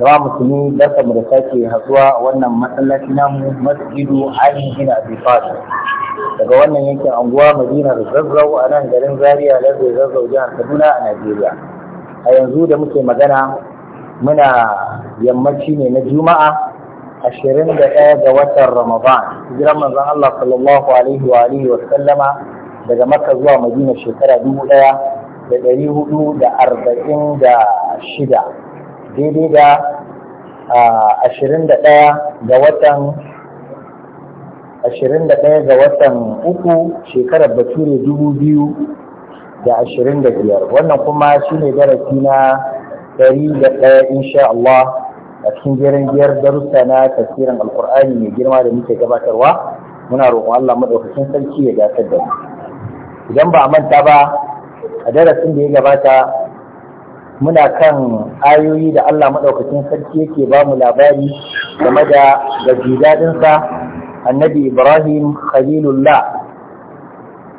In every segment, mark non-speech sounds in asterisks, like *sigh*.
jama'a musulmi barka mu da sake hazuwa wannan masallaci namu masjidu ali bin Fadu, daga wannan yankin anguwa da zazzau a nan garin zaria lafiya zazzau jihar kaduna a najeriya a yanzu da muke magana muna yammaci ne na juma'a ashirin da ɗaya ga watan ramadan hijiran manzon allah sallallahu alaihi wa alihi wa sallama daga makka zuwa madina shekara dubu ɗaya da ɗari hudu da arba'in da shida daidai da ashirin da ɗaya ga watan uku shekarar bature dubu biyu da ashirin da biyar wannan kuma shi ne darasi na ɗari da ɗaya insha Allah a cikin jirin biyar darussa na tafsirin alkur'ani mai girma da muke gabatarwa muna roƙon Allah maɗaukacin sarki ya gasar da mu idan ba a manta ba a darasin da ya gabata muna kan ayoyi da Allah maɗaukacin sarki yake ba mu labari game da gajidadinsa annabi Ibrahim Khalilullah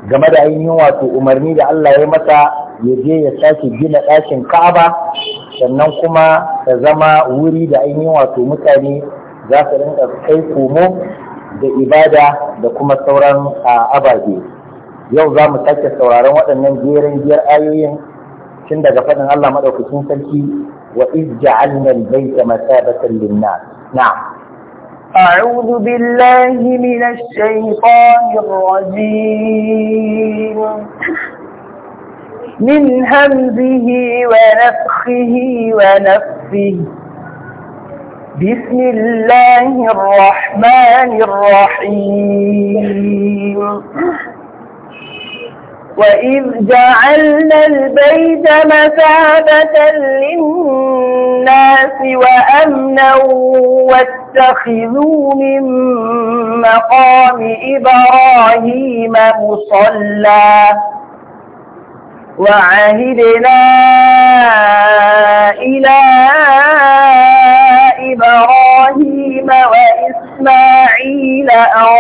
game da ainihin wato umarni da Allah ya mata ya je ya sake gina ɗakin Ka'aba sannan kuma ta zama wuri da ainihin wato mutane za su rinka kai komo da ibada da kuma sauran ababe. Yau za mu sake sauraron waɗannan jerin jiyar ayoyin tun daga fadin Allah madaukakin sarki wa iz al-bayta masabatan lin-nas na'am minash shaytanir rajim min hamzihi wa nafthihi wa nafthihi بسم الله الرحمن الرحيم وإذ جعلنا البيت مثابة للناس وأمنا واتخذوا من مقام إبراهيم مصلى وعهدنا إلى إبراهيم وإسماعيل أن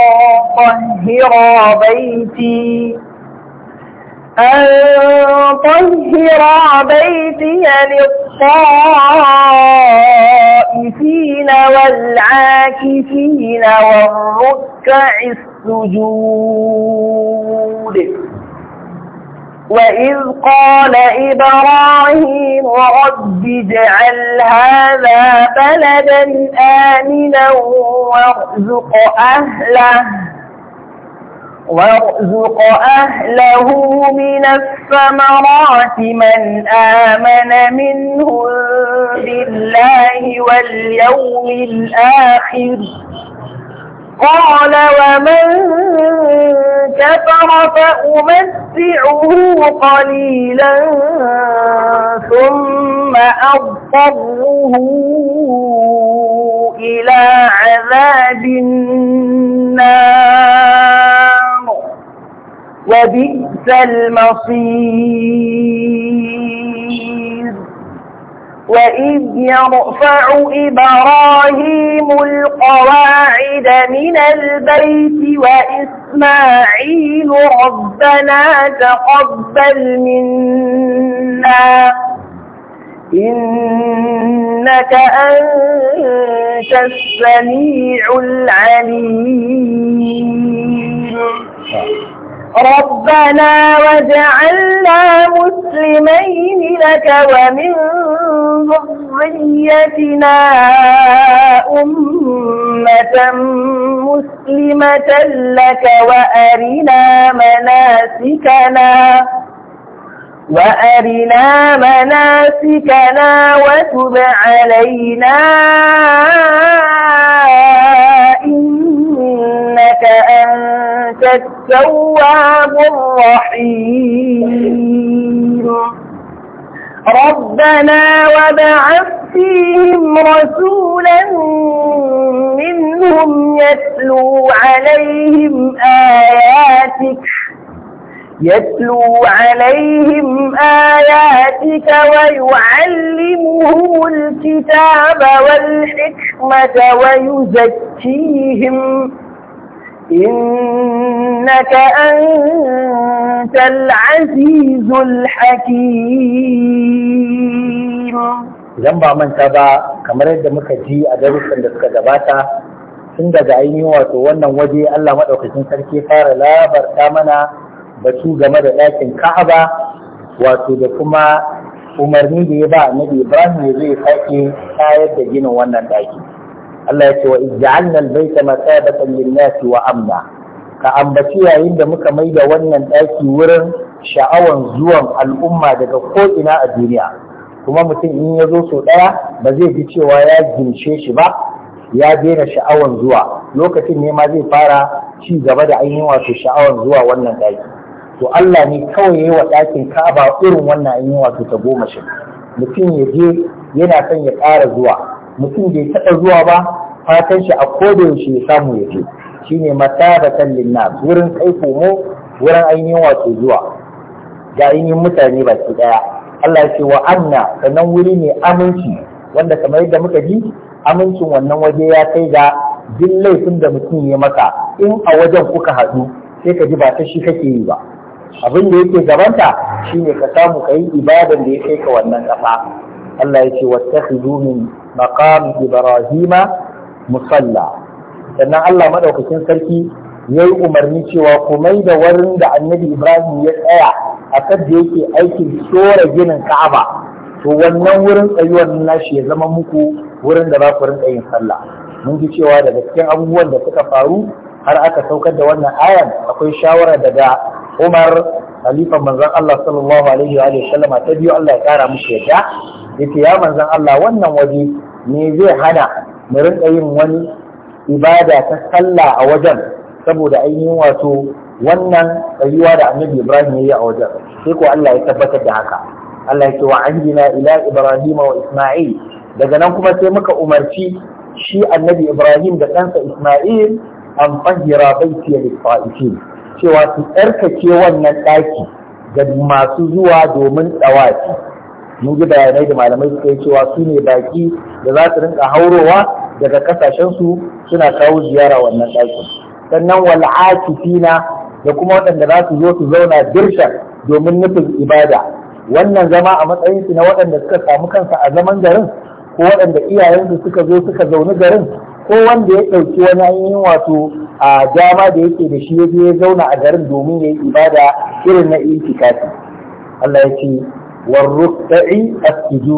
طهر بيتي أن طهر بيتي للطائفين والعاكفين والركع السجود وإذ قال إبراهيم رب اجعل هذا بلدا آمنا وارزق أهله وارزق أهله من الثمرات من آمن منهم بالله واليوم الآخر قال ومن كفر فأمتعه قليلا ثم أضطره إلى عذاب النار وبئس المصير وإذ يرفع إبراهيم القواعد من البيت وإسماعيل ربنا تقبل منا إنك أنت السميع العليم ربنا وجعلنا مسلمين لك ومن ذريتنا أمة مسلمة لك وأرنا مناسكنا وأرنا مناسكنا وتب علينا إنك أنت التواب الرحيم ربنا وبعث فيهم رسولا منهم يتلو عليهم آياتك يتلو عليهم آياتك ويعلمهم الكتاب والحكمة ويزكيهم إنك أنت العزيز الحكيم idan ba manta ba kamar yadda muka ji a darussan da suka gabata tun daga ainihin wato wannan waje Allah maɗaukacin sarki fara labarta mana batu game da ɗakin Ka'aba wato da kuma umarni da ya ba Annabi Ibrahim ya zai sake tayar da ginin wannan ɗaki. Allah ya ce wa ij'alna al-baita mathabatan lin-nasi wa amna ka ambaci yayin da muka maida wannan daki wurin sha'awan zuwan al'umma daga ko ina a duniya kuma mutum in ya zo so daya ba zai ji cewa ya gimshe shi ba ya daina sha'awan zuwa lokacin ne ma zai fara ci gaba da ainihin wato sha'awan zuwa wannan daki to Allah ne kawai yayi wa dakin Ka'aba irin wannan ainihin wato ta goma shi mutum ya je yana son ya ƙara zuwa mutum bai taɓa zuwa ba fatan shi a kodayaushe ya samu ya je shine masabatan linnas wurin kai komo wurin ainihin wato zuwa ga ainihin mutane ba baki ɗaya. Allah ce wa anna sannan wuri ne aminci wanda kamar yadda muka ji amincin wannan waje ya kai ga duk laifin da mutum ya maka in a wajen kuka haɗu sai ka ji ba ta shi kake yi ba abin da yake gabanta shine ka samu ka yi ibadan da ya kai ka wannan kafa. Allah ya ce wattakhidhu min maqam ibrahima musalla sannan Allah madaukakin sarki yayi umarni cewa komai da wurin da annabi ibrahim ya tsaya a kan da yake aikin tsora ginin ka'aba to wannan wurin tsayuwar nashi ya zama muku wurin da za ku rinka yin sallah mun ji cewa daga cikin abubuwan da suka faru har aka saukar da wannan ayan akwai shawara daga Umar halifan manzon Allah sallallahu alaihi wa sallama ta biyu Allah ya kara musu yadda yace ya manzon Allah wannan waje ne zai hana mu rinka yin wani ibada ta sallah a wajen saboda ainihin wato wannan tsayuwa da annabi Ibrahim ya yi a wajen sai ko Allah ya tabbatar da haka Allah ya ce wa anjina ila Ibrahim wa Isma'il daga nan kuma sai muka umarci shi annabi Ibrahim da ɗansa Isma'il an fahira baiti lis cewa su tsarkake wannan ɗaki ga masu zuwa domin ɗawaki. mun ji bayanai da malamai suka yi cewa su ne baki da za su rinka haurowa daga kasashensu suna kawo ziyara wannan ɗakin sannan wal'akifina da kuma waɗanda za su zo su zauna dirsha domin nufin ibada wannan zama a matsayinsu na waɗanda suka samu kansa a zaman garin ko waɗanda iyayensu suka zo suka zauni garin ko wanda ya ɗauki wani ainihin wato a dama da yake da shi ya je ya zauna a garin domin ya yi ibada irin na itikafi Allah ya ce warruqi as da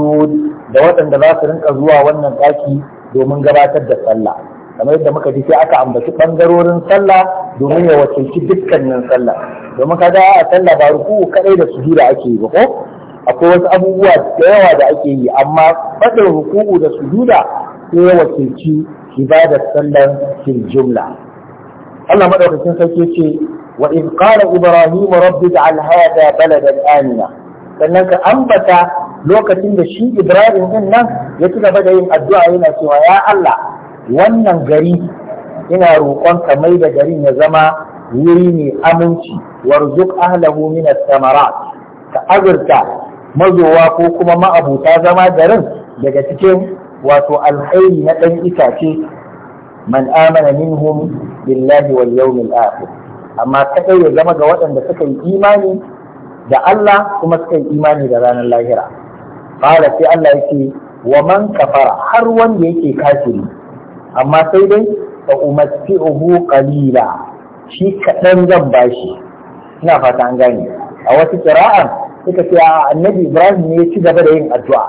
waɗanda za su rinka zuwa wannan ɗaki domin gabatar da sallah kamar yadda muka ji sai aka ambaci bangarorin sallah domin ya wakilci dukkanin sallah domin kaga a sallah ba ruku kaɗai da sujuda ake yi ba ko akwai wasu abubuwa da yawa da ake yi amma faɗin ruku'u da sujuda sai ya wakilci ibadar sallar fil jumla Allah madaukakin sarki ce wa in qala ibrahim rabbi ja'al hadha baladan amina sannan ka ambata lokacin da shi Ibrahim din nan ya ci gaba da yin addu'a yana cewa ya Allah wannan gari ina roƙon ka mai da garin ya zama wuri mai aminci warzuk ahlahu min as-samarat ka azurta mazowa ko kuma ma'abuta zama garin daga cikin wato alkhairi na ɗan itace man amana minhum billahi wal yawmil akhir amma kadai ya zama ga waɗanda suka yi imani da Allah kuma suka yi imani da ranar lahira fara sai Allah yake wa man kafara har wanda yake kafiri amma sai dai fa umatti'uhu qalila shi kaɗan zan bashi ina fata an gane a wasu kira'an suka ce annabi Ibrahim ne ya ci gaba da yin addu'a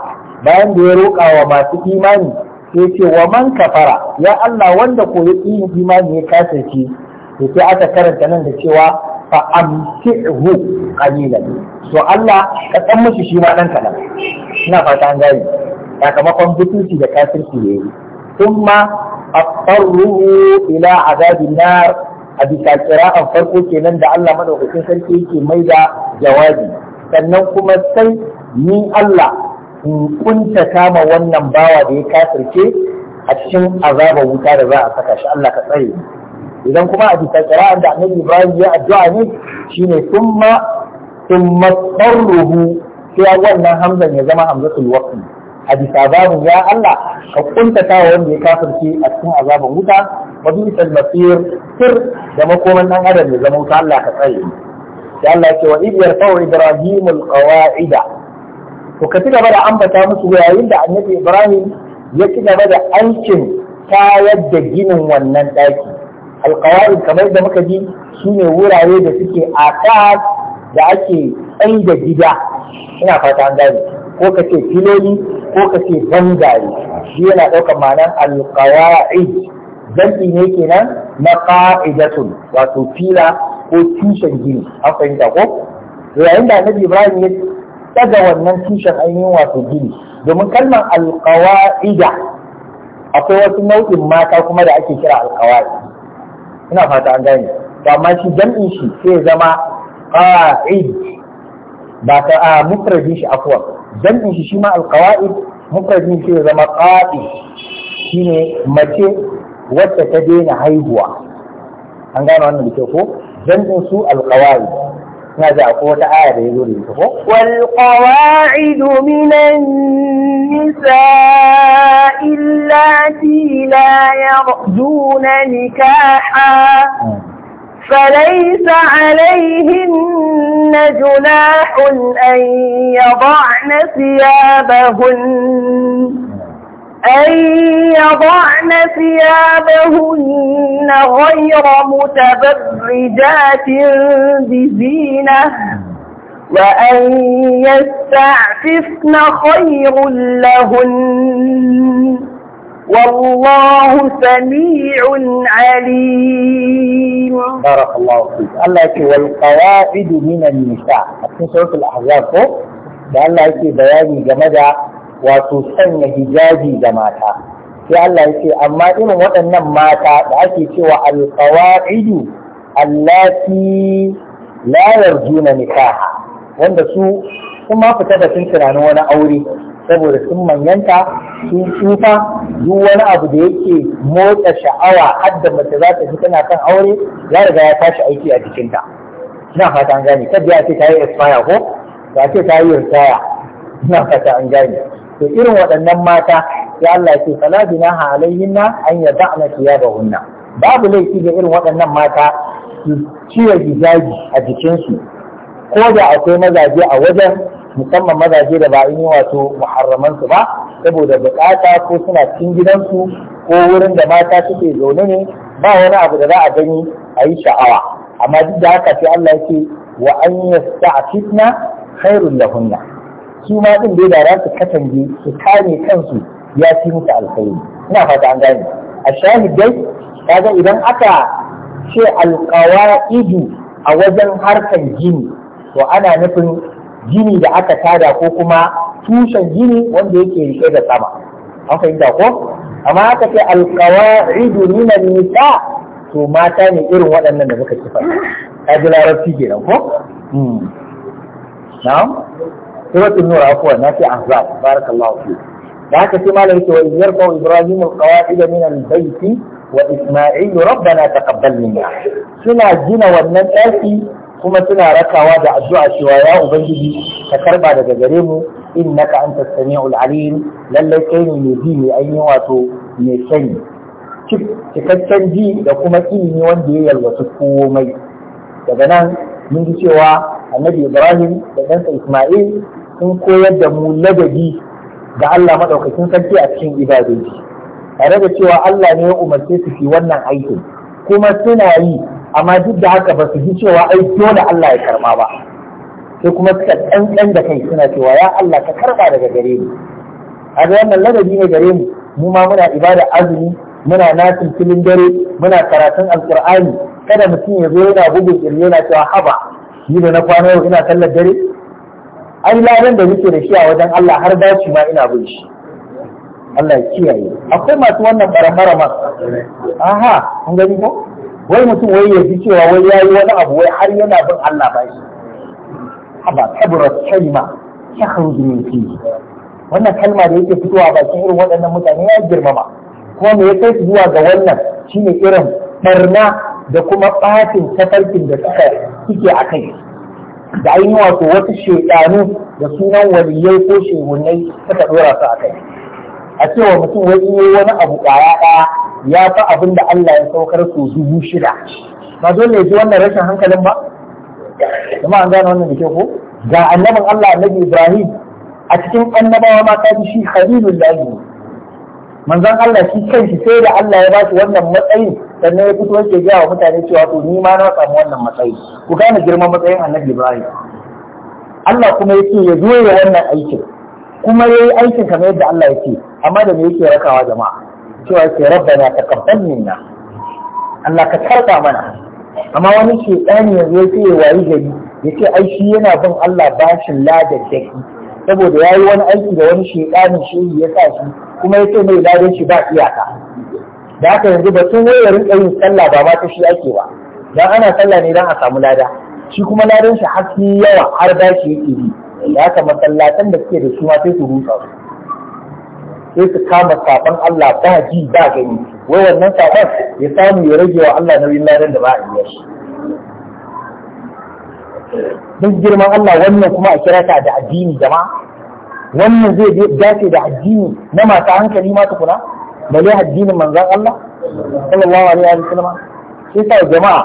bayan da ya roƙa wa masu imani sai ce wa man kafara ya Allah wanda ko ya imani ya kasance to sai aka karanta nan da cewa fa amti'hu qalilan to Allah ka san mishi shi ma dan kadan ina fata an gani sakamakon butulci da kafirci ne kuma aqarruhu ila azabin nar a bisa kira'an farko kenan da Allah madaukakin sarki yake mai da jawabi sannan kuma sai ni Allah in kunta kama wannan bawa da ya kafirce a cikin azabar wuta da za a saka shi Allah ka tsare idan kuma a bisa kira'ar da annabi ibrahim ya addu'a ne shine summa summa tsarruhu sai wannan hamzan ya zama hamzatul waqi a bisa babin ya Allah ka kuntata wanda ya kafirce a cikin azaban wuta wa masir sir da makoman dan adam ya zama wuta Allah ka tsare sai Allah ya ce wa ibiyar yarfa'u ibrahim alqawa'ida to ka ci gaba da ambata musu yayin da annabi ibrahim ya ci gaba da aikin kayar da ginin wannan ɗaki alƙawa'id kamar da muka ji shi ne wurare da suke a da ake ɗan da gida ina fata an gane ko ka ce filoli ko ka ce bangare shi yana ɗaukar ma'anar alƙawa'id jam'i ne kenan na ƙa'idatun wato fila ko tushen gini an fahimta ko yayin da annabi ibrahim ya daga wannan tushen ainihin wato gini domin kalmar alƙawa'ida akwai wasu nau'in mata kuma da ake kira alƙawa'i ina fata an gane to amma shi jam'in shi sai zama qa'id ba ta a mufradin shi akwa jam'in shi shi ma alqawaid mufradin shi zama qa'id shine mace wacce ta daina haihuwa an gane wannan da ke ko jam'in su alqawaid ماذا أقول آية يقول والقواعد من النساء اللاتي لا يرجون نكاحا فليس عليهن جناح أن يضعن ثيابهن أن يضعن ثيابهن غير متبرجات بزينة وأن يستعففن خير لهن والله سميع عليم بارك الله فيك قال لك والقواعد من النساء في سورة الأحزاب فوق، قال لك بياني جمدا wato sanya hijabi ga mata sai Allah ya ce amma irin waɗannan mata da ake cewa alqawaidu allati la yarjuna nikaha wanda su sun ma fita da sun tunanin wani aure saboda sun manyanta sun tsufa duk wani abu da yake motsa sha'awa hadda mace za ta tana kan aure ya riga ya tashi aiki a jikinta ina fata an gane kada ya ce ta yi expire ko ya ce ta yi retire ina fata an gane to irin waɗannan mata ya Allah ce fala binaha alayhinna an yada'na thiyabahunna babu laifi ga irin waɗannan mata su cire hijabi a jikinsu ko da akwai mazaje a wajen musamman mazaje da ba in yi wato muharramansu ba saboda bukata ko suna cikin gidansu ko wurin da mata suke zaune ne ba wani abu da za a gani a yi sha'awa amma duk da haka sai Allah yake wa an yasta'fifna khairul lahunna su ma din dai da za su katange su kame kansu ya fi musu alkhairi ina fata an gane a shahid dai kaga idan aka ce alqawaidu a wajen harkar gini to ana nufin gini da aka tada ko kuma tushen gini wanda yake rike da sama an fahimta ko amma aka ce alqawaidu minan nisa to mata ne irin waɗannan da muka kifa ta ji larabci kenan ko hmm. na'am suratul nur afwan na ce ahzab barakallahu fi da haka sai malam yake wa yarfa ibrahim alqawaid min albayt wa isma'il rabbana taqabbal minna suna gina wannan daki kuma suna rakawa da addu'a cewa ya ubangiji ka karba daga gare mu innaka antas samiul alim lalle kai ne mai ji mai ainihin wato mai sani cikakken ji da kuma ilimi wanda ya yalwaci komai daga nan mun ji cewa annabi ibrahim da ɗansa isma'il sun koyar da mu ladabi ga Allah maɗaukakin sarki a cikin ibadoji tare da cewa Allah ne ya umarce su fi wannan aikin kuma suna yi amma duk da haka ba su ji cewa ai dole Allah ya karɓa ba sai kuma suka ɗanɗan da kai suna cewa ya Allah ka karɓa daga gare mu. a ga wannan ladabi ne gare mu mu ma muna ibada azumi muna nasin filin dare muna karatun alkur'ani kada mutum ya zo yana bugun kirje yana cewa haba ni da na kwana yau ina sallar dare ai ladan da nake da shi a wajen Allah har dace ma ina bin shi Allah ya kiyaye akwai masu wannan barambarama aha an gani ko wai mutum wai ya ji cewa wai yayi wani abu wai har yana bin Allah ba shi haba kaburat kalma ta khruju min fihi wannan kalma da yake fitowa bakin irin waɗannan mutane ya girmama kuma me ya kai su zuwa ga wannan shine irin barna da kuma ɓatin tafarkin da suka suke a kai da yi wato wasu shekaru da sunan waliyai ko shehunai suka dora su a kai a cewa mutum wani yi wani abu kwaya ɗaya ya fi abin da Allah ya saukar su dubu shida ba dole ya ji wannan rashin hankalin ba kuma an gane wannan da ke ko ga annabin Allah annabi Ibrahim a cikin annabawa ma ta shi khalilul ne manzon Allah shi kanshi sai da Allah ya bashi wannan matsayin sannan ya fito yake gaya wa mutane cewa to ni ma na samu wannan matsayi ku gane girman matsayin Annabi Ibrahim Allah kuma yake ya zo ya wannan aikin kuma yayi aikin kamar yadda Allah yake amma da me yake rakawa jama'a cewa yake rabbana taqabbal minna Allah ka karba mana amma wani shedani yanzu yake wayi gari ya ai shi yana bin Allah bashin ladar saboda ya yi wani aiki da wani shekarun shi ya sa shi kuma ya ce mai ladan shi ba iyaka da haka yanzu ba sun ya rinka yin sallah ba mata shi ake ba dan ana sallah ne dan a samu lada shi kuma ladan shi har yawa har shi yake yi da haka masallatan da suke da su ma sai su rusa su sai su kama saban Allah ba ji ba gani wai wannan saban ya samu ya rage wa Allah nauyin ladan da ba a yi shi duk girman Allah wannan kuma a kira ta da addini jama'a wannan zai dace da addini na masu hankali ma tukuna bale addinin manzan Allah sallallahu alaihi wa sallam sai sa jama'a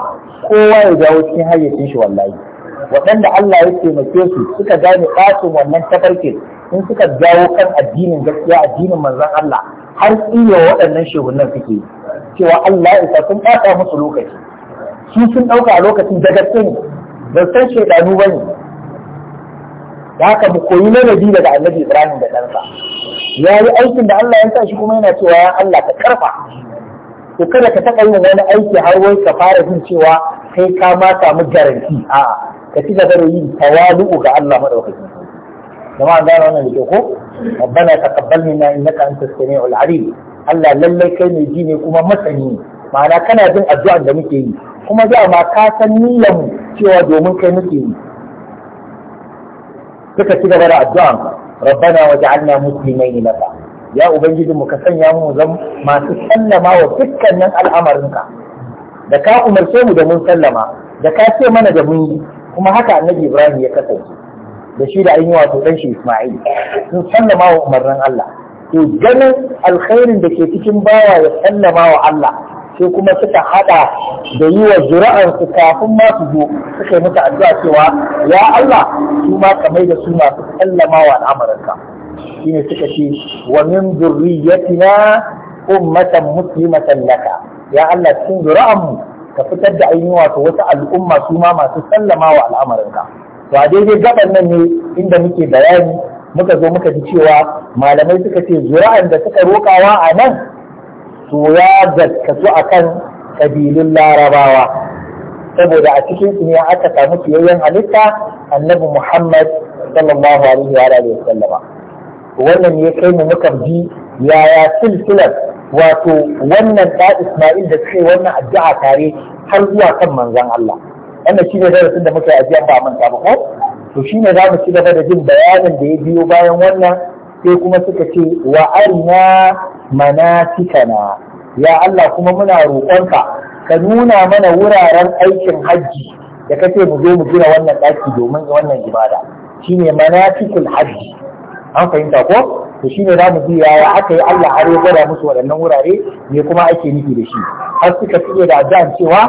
kowa ya jawo cikin hayyacin shi wallahi waɗanda Allah ya taimake su suka gane ɓacin wannan tafarkin in suka jawo kan addinin gaskiya addinin manzan Allah har iya waɗannan shehunan suke cewa Allah ya sun ɓata musu lokaci su sun ɗauka a lokacin da gaske ne ba san shaidanu ba ne da haka mu koyi ladabi daga annabi ibrahim da ɗansa ya yi aikin da allah ya sa shi kuma yana cewa ya allah ka karfa to kada ka taɓa yin wani aiki har wai ka fara jin cewa kai ka ma samu garanti a ka ci gaba da yin tawalu'u ga allah maɗaukakin jama'a gane wannan da ke ko rabbana taqabbal minna innaka antas samiul alim allah lallai kai mai ji ne kuma masani ne ma'ana kana jin addu'an da muke yi kuma za ma ka san niyyar cewa domin kai muke yi suka ci gaba da addu'an rabbana waj'alna muslimain laka ya ubangiji mu ka sanya mu zan masu sallama wa dukkanin al'amarinka da ka umarce mu da mun sallama da ka ce mana da mun yi kuma haka annabi ibrahim ya kasance da shi da ainihi wato dan shi isma'il sun sallama wa umarnin Allah to ganin alkhairin da ke cikin bawa ya sallama wa Allah sai kuma suka hada da yi wa zuri'ansu kafin ma su zo suka yi mata addu'a cewa ya Allah su ma ka da su masu sallama wa al'amuranka shine suka ce wa min zurriyatina ummatan muslimatan laka ya Allah cikin zuri'anmu ka fitar da ainihin wato wata al'umma su ma masu sallama wa al'amuranka to a daidai gaban nan ne inda muke bayani muka zo muka ji cewa malamai suka ce zuri'an da suka rokawa a nan to ya a akan ƙabilun larabawa saboda a cikin su ne aka samu fiyayyen halitta annabi Muhammad sallallahu alaihi wa alihi wasallama wannan ya kai mu muka bi yaya silsilar wato wannan da Isma'il da suke wannan addu'a tare har zuwa kan manzon Allah wannan shine darasin da muka yi ajiya ba manta ba ko to shine za mu ci gaba da jin bayanin da ya biyo bayan wannan sai kuma suka ce wa arina manasikana ya Allah kuma muna roƙonka ka nuna mana wuraren aikin hajji da kace mu zo mu gina wannan ɗaki domin wannan ibada shine manasikul hajji an fahimta ko to shine za mu biya ya aka yi Allah har ya gwada musu waɗannan wurare me kuma ake nufi da shi har suka fiye da addu'an cewa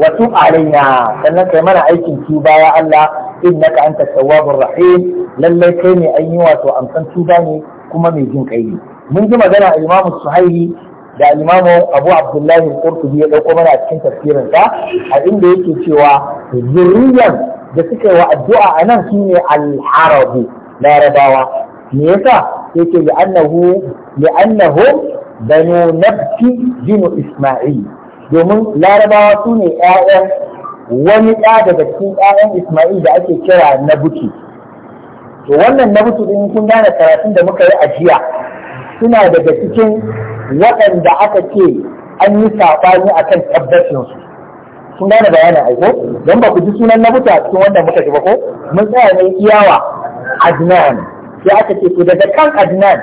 wa tub alaina sannan kai mana aikin tuba ya Allah innaka anta tawwabur rahim lallai kai ne an yi wato amsan tuba ne kuma mai jin kai ne mun ji magana a imamu suhaili da imamu abu abdullahi al ya dauko mana cikin tafsirin sa a inda yake cewa zurriyan da suka yi wa addu'a a nan shine al larabawa me yasa yake li annahu li annahu banu nabti binu isma'il domin larabawa su ne ƴaƴan wani ɗa daga cikin ƴaƴan isma'il da ake kira nabuki to wannan nabuki din kun gane karatun da muka yi a jiya suna daga cikin waɗanda aka ce an yi saɓani a kan tabbacinsu sun gane bayanin aiko don ba ku ji sunan na buta cikin wanda muka ji ba ko mun tsaya ne iyawa adnan sai aka ce daga kan adnan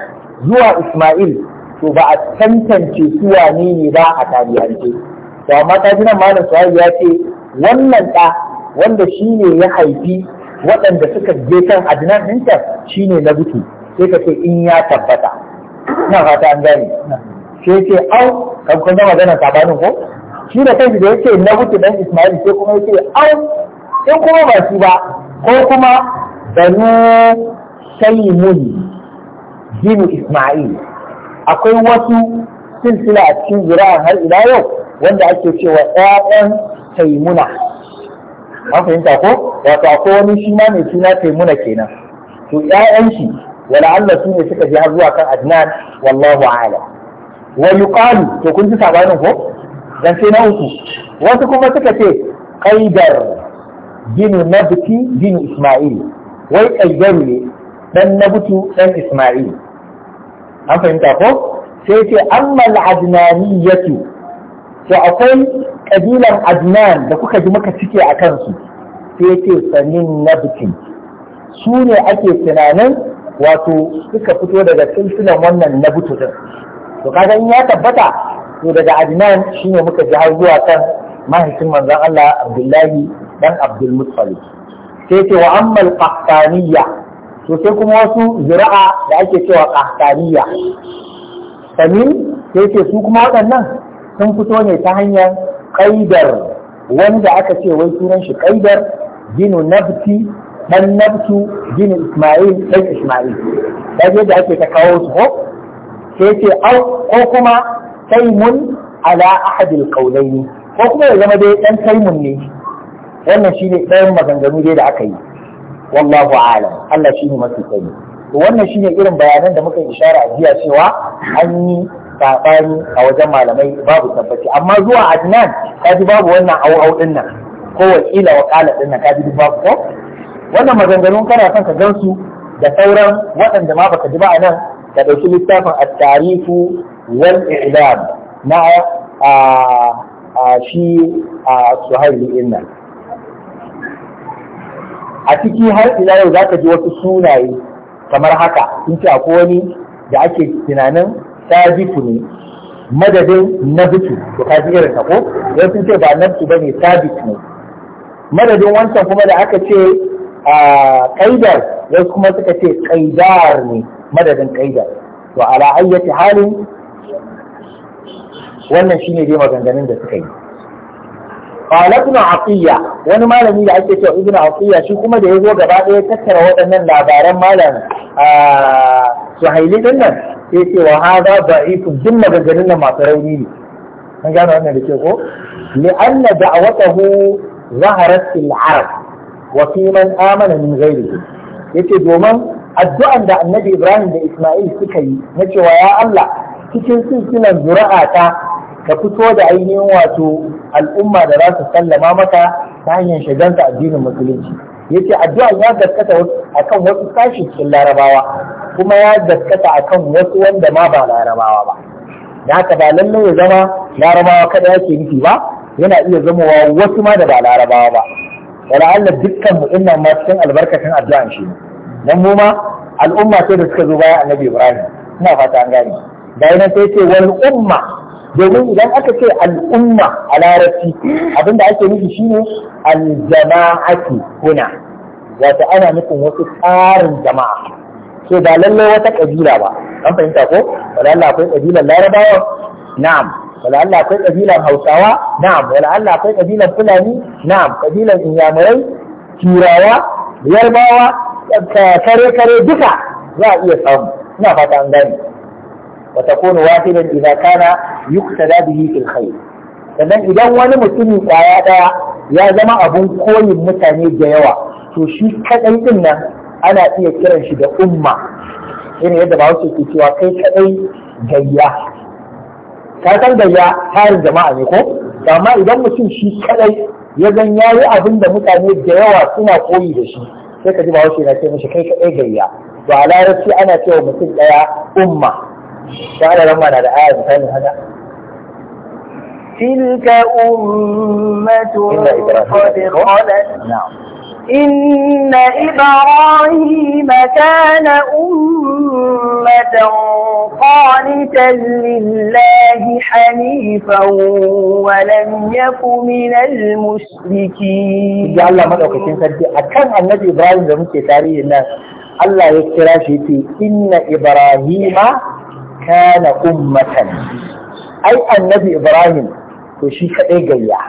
zuwa ismail to ba a tantance suwa ne ne ba a tarihance to amma ta ji nan malam ya ce wannan ɗa wanda shi ne ya haifi waɗanda suka je kan adnan ɗinta shi ne na mutu. sai ka ce in ya tabbata ina fata an gani. sai ce au kan kun magana sabanin ko shi da kanshi da yake na wuce dan Isma'il sai kuma yake au in kuma ba shi ba ko kuma banu shaymun dinu Isma'il akwai wasu silsila a cikin zuri'a har ila yau wanda ake cewa ƴaƴan taimuna an fahimta ko wato akwai wani shi ma mai suna taimuna kenan to ƴaƴan shi wala Allah su suka je har zuwa kan Adnan wallahu ala wa yuqalu to kun ji dan sai na uku wasu kuma suka ce qaidar bin nabti bin Isma'il wai qaidar ne dan nabutu dan Isma'il an fahimta ko sai ce amma al-adnaniyatu to akwai kabilan Adnan da kuka ji muka cike a kansu sai ce sanin nabti su ne ake tunanin wato suka fito daga silsilan wannan na butu to kaga in ya tabbata to daga Adnan shine muka ji har zuwa kan mahaifin manzon Allah Abdullahi dan Abdul Muttalib sai ce wa ammal qahtaniyya to sai kuma wasu zira'a da ake cewa qahtaniyya sanin sai ce su kuma waɗannan sun fito ne ta hanyar kaidar wanda aka ce wai sunan shi kaidar ginu nafti dan nafsu bin Ismail dan Ismail kaje da ake ta kawo su ko sai ce au ko kuma taimun ala ahad alqawlaini ko kuma ya zama dai dan taimun ne wannan shine ɗayan maganganu dai da aka yi wallahu alam Allah shine mafi sani to wannan shine irin bayanan da muka ishara jiya cewa an yi sabani a wajen malamai babu tabbaci amma zuwa Adnan kaji babu wannan au au din nan ko wakila wakala din nan kaji babu ko wannan maganganun kana son ka gansu da sauran waɗanda ma baka ji ba nan ka ɗauki littafin at-tarifu wal i'lam na a shi a suhaili inna a ciki har ila yau zaka ka ji wasu sunaye kamar haka in ce akwai wani da ake tunanin sabitu ne madadin nabitu to ka ji irin ko yau sun ce ba nabitu bane sabitu ne madadin wancan kuma da aka ce a kaidar wasu kuma suka ce kaidar ne madadin kaidar to ala ayyati halin wannan shine dai maganganun da suka yi qala ibn wani malami da ake cewa ibn atiya shi kuma da yazo gaba ɗaya tattara waɗannan labaran malam a suhaili din nan sai ce wa hada da'ifun duk maganganun nan masu rauni ne an gano wannan da ke ko li'anna da'awatahu zaharat fil arab wa fi man amana min ghairihi yace domin addu'an da annabi Ibrahim da Isma'il suka yi na cewa ya Allah cikin silsilan ta ka fito da ainihin wato al'umma da za su sallama maka ta hanyar shiganta addinin musulunci yace addu'an ya gaskata akan wasu sashi cikin larabawa kuma ya gaskata akan wasu wanda ma ba larabawa ba da haka ba lallai ya zama larabawa kada yake nufi ba yana iya zamowa wasu ma da ba larabawa ba wala Allah dukkan mu inna ma cikin albarkacin addu'an shi dan mu ma al'umma sai da suka zo baya annabi Ibrahim ina fata an gane bayan sai ce wal umma domin idan aka ce al'umma a larabci abinda ake nufi shine al-jama'ati kuna wato ana nufin wasu tsarin jama'a so ba lallai wata kabila ba an fahimta ko wala Allah akwai kabilar larabawa na'am wala Allah akwai ƙabilan Hausawa na'am wala Allah akwai ƙabilan Fulani na'am Ƙabilan Inyamurai Turawa Yarbawa kare kare duka za a iya samu ina fata an gani. wa takunu wahidan idza kana yuktada bihi fil khair sannan idan wani mutumi kwaya daya ya zama abun koyin mutane da yawa to shi kadai din nan ana iya kiran shi da umma irin yadda ba ke cewa kai kadai gayya ka san ya tarin jama'a ne ko amma idan mutum shi kadai ya zan yayi abin da mutane da yawa suna koyi da shi sai ka ji ba shi na ce mishi kai kadai gayya to a larabci ana cewa mutum daya umma shahararar mana da aya misalin haka تلك أمة قد خلت إن إبراهيم كان أمة قانتا لله حنيفا ولم يك من المشركين يا الله ما لو كنت أكان النبي إبراهيم لم تاريخ الناس الله يكترى شيء إن إبراهيم كان أمة أي النبي إبراهيم to shi kaɗai gayya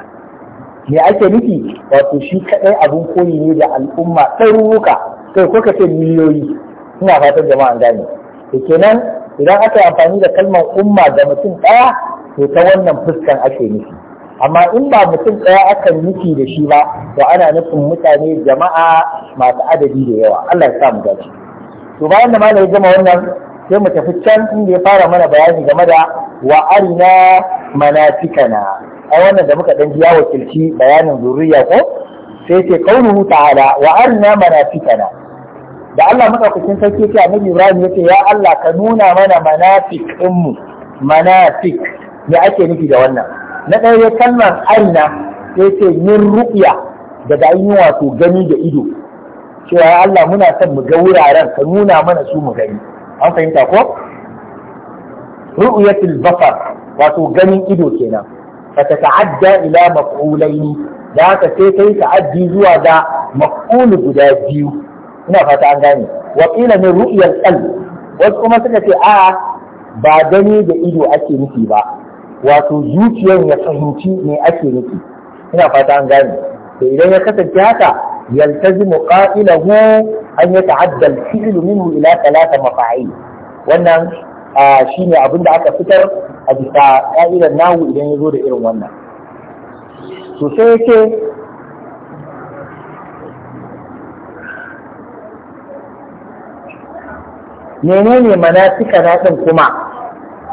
me ake nufi wato shi kaɗai abun koyi ne da al'umma ɗaruruka kai ko kace miliyoyi ina fatan jama'a gane to kenan idan aka yi amfani da kalmar umma ga mutum ɗaya to ta wannan fuskan ake nufi amma in ba mutum ɗaya aka nufi da shi ba to ana nufin mutane jama'a masu adadi da yawa Allah ya sa mu dace to bayan da malai gama wannan sai mu tafi can inda ya fara mana bayani game da wa arina manatikana ai wannan da muka dan ji ya wakilci bayanin zuriya ko sai ce qauluhu ta'ala wa arna manafikana da Allah madaukakin sarki ce annabi Ibrahim yace ya Allah ka nuna mana manafik mu manafik me ake nufi da wannan na ɗaya kalmar arna sai ce min ru'ya daga ainihin wato gani da ido cewa ya Allah muna son mu ga wuraren ka nuna mana su mu gani an fahimta ko ru'yatul basar wato ganin ido kenan ka ta'adda ila maf'ulaini da haka sai kai ta'addi zuwa ga maf'ulu guda biyu ina fata an gane wa qila min wasu kuma suka ce a ba gani da ido ake nufi ba wato zuciyar ya fahimci me ake nufi ina idan ya kasance haka يلتزم قائله أن يتعدى الفعل منه إلى ثلاثة مفاعيل وأن shine abin da aka fitar a bisa ƙa'idar nahu idan ya zo da irin wannan to sai yake menene mana na ɗin kuma